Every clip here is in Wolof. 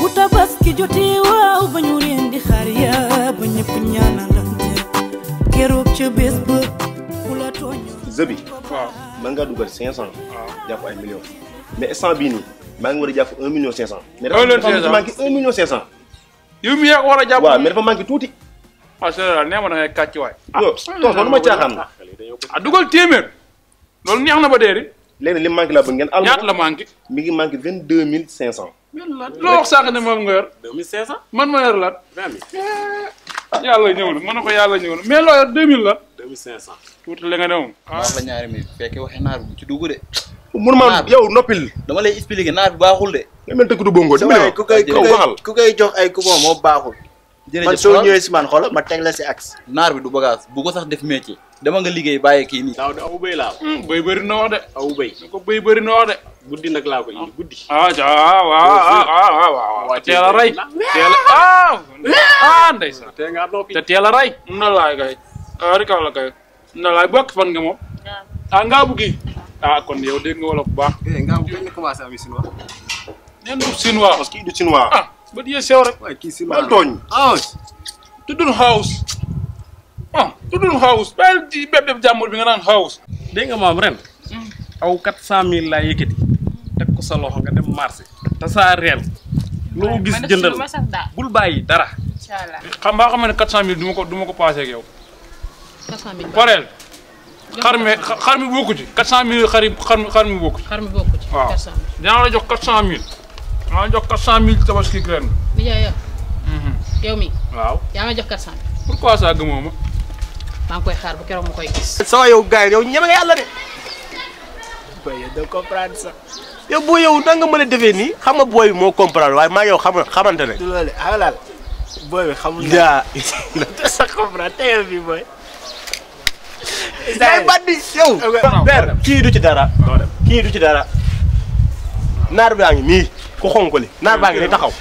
bu tabaski jotee waaw ba ñu di xaar yaa ba ñëpp ñaanalante keroog ca bés ba ku la tooñ. Zëbi. waaw mën ngaa dugal 500. waaw ay millions. mais instant bii nii maa ngi war a jàpp 1 million 500. 1 million 500 mais dafa million 500. yow mi yaa ko war a jàpp. waaw mais tuuti. ah c' est vrai nee ma da ngay kàcc waay. ah non non ma caaxaan la. ah dugal téeméer loolu neex na ba dee léegi li mu manqué laa bëgg ngeen. ñaata la manqué mi ngi manqué vingt deux mille cinq cent. loo wax sànq ne moom nga yor. deux mille cinq cent man yàlla ñëw mais loo yor deux mille la. deux mille tuuti la nga ne moom. waaw la ñaari mi fekkee waxee naar bu ci dugg de. mun ma yow noppil. dama lay expliquer naar bi baaxul de. nga mel ne dëkk du bongo. ku koy jox ay coupon moo baaxul. jërëjëf man soo ñëwee si ma teg si axe. naar bi du bagage bu ko sax def métier. dama nga liggéey bàyyi kii nii. daaw de aw béy laa. Hmm, béy bëri na wax de. aw bëri na guddi nag laa ko indi guddi. ah ah waaw ah, ah, ah, waaw teel a rey. a na laay kay ah rikaw la kay. na laay bokk fan nga moom. ah ngaa buggi. ah kon yow dégg nga wala bu baax. Eh, bët yee sew rek. waaye kii si maanaam baal tooñ. house. tuddul house. ah tuddul house bàyyil ji bépp def jàmbur bi nga naan house. dégg nga maam ren. Hmm. aw quatre cent mille laa yëkkati. teg ko sa loxo nga dem marché. te saa reel. loo gis jëndal bul bàyyi dara. incha xam nga xam ne quatre cent mille duma ko du ma ko passé ak yow. quatre cent mille pareel. xar mi xar mi bokku ci. quatre jox quatre cent mille. maa jox quatre cent mille tabaski ren. nijaay yow. Mhm. yow mi waaw yaa ma jox quatre cent mille. pourquoi ça gëmoo ma. maa koy xaar bu keroog mu koy gis. sa yow gars yi yow ñeme nga yàlla de. waaye yow doo comprendre mën a defee nii xam nga booy moo comprendre waaye maa yow xam xamante ne. du loolu alal booy bi xamul. daa ber kii du ci dara. kii du ci dara. naar bi a nii. ku xonkole naar baa ngi lay taxaw.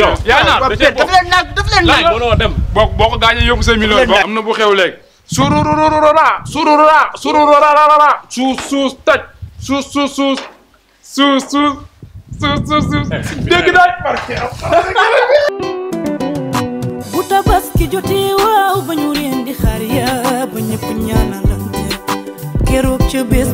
yow yaa naar da cee bokk daf leen naar daf leen naar. mënoo dem boo boo ko gaañee yóbbu sa million. am na bu xew léegi. sururururura sururura sururururara suus suus taj suus suus suus suus suus suus suus eh, dégg daal. bu tabaski jotee waaw ba ñu leen di xaar yaa ba ñëpp ñaanalante keroog ca bés